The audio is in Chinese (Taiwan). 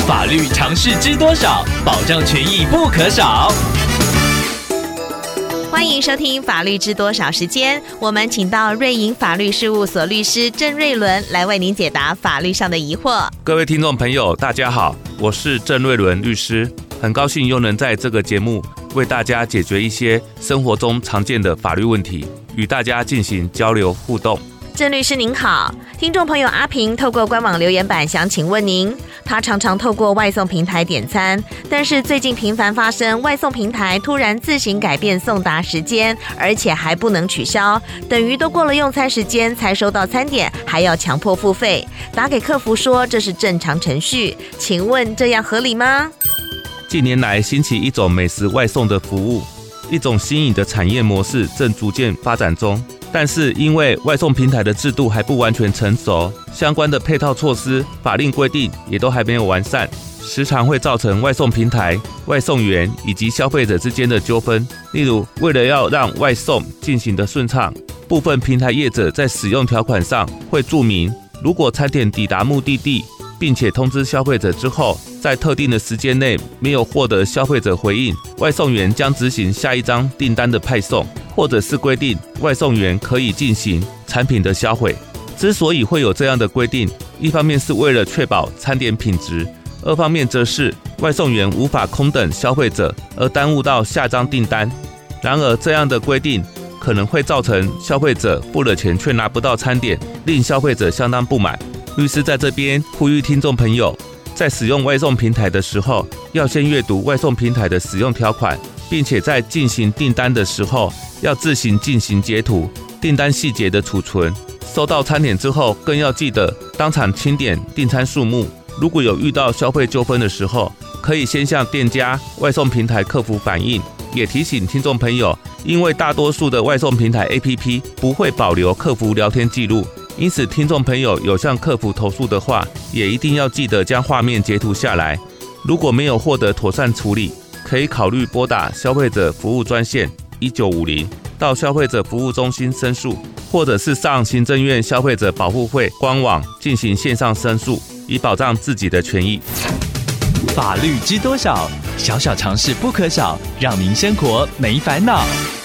法律常識知多少，保障權益不可少。歡迎收聽《法律知多少》時間，我們請到瑞瀛法律事務所律師鄭瑞崙來為您解答法律上的疑惑。各位聽眾朋友，大家好，我是鄭瑞崙律師，很高興又能在這個節目為大家解決一些生活中常見的法律問題，與大家進行交流互動。鄭律師您好，聽眾朋友阿平透過官網留言板想請問您，他常常透過外送平台點餐，但是最近頻繁發生外送平台突然自行改變送達時間，而且還不能取消，等於都過了用餐時間才收到餐點，還要強迫付費，打給客服說這是正常程序，請問這樣合理嗎？近年來興起一種美食外送的服務，一種新穎的產業模式正逐漸發展中。但是，因為外送平台的制度還不完全成熟，相關的配套措施、法令規定也都還沒有完善，時常會造成外送平台、外送員以及消費者之間的糾紛。例如，為了要讓外送進行得順暢，部分平台業者在使用條款上會註明：如果餐點抵達目的地，並且通知消費者之後，在特定的時間內沒有獲得消費者回應，外送員將執行下一張訂單的派送。或者是規定外送員可以進行產品的銷毀。之所以會有這樣的規定，一方面是為了確保餐點品質，二方面則是外送員無法空等消費者而耽誤到下張訂單。然而，這樣的規定可能會造成消費者付了錢卻拿不到餐點，令消費者相當不滿。律師在這邊呼籲聽眾朋友，在使用外送平台的時候，要先閱讀外送平台的使用條款。並且在進行訂單的時候，要自行進行截圖，訂單細節的儲存。收到餐點之後，更要記得當場清點訂餐數目。如果有遇到消費糾紛的時候，可以先向店家、外送平台客服反映。也提醒聽眾朋友，因為大多數的外送平台 APP 不會保留客服聊天記錄，因此聽眾朋友有向客服投訴的話，也一定要記得將畫面截圖下來。如果沒有獲得妥善處理，可以考慮撥打消費者服務專線一九五零，到消費者服務中心申訴，或者是上行政院消費者保護會官網進行線上申訴，以保障自己的權益。法律知多少？小小常識不可少，讓您生活沒煩惱。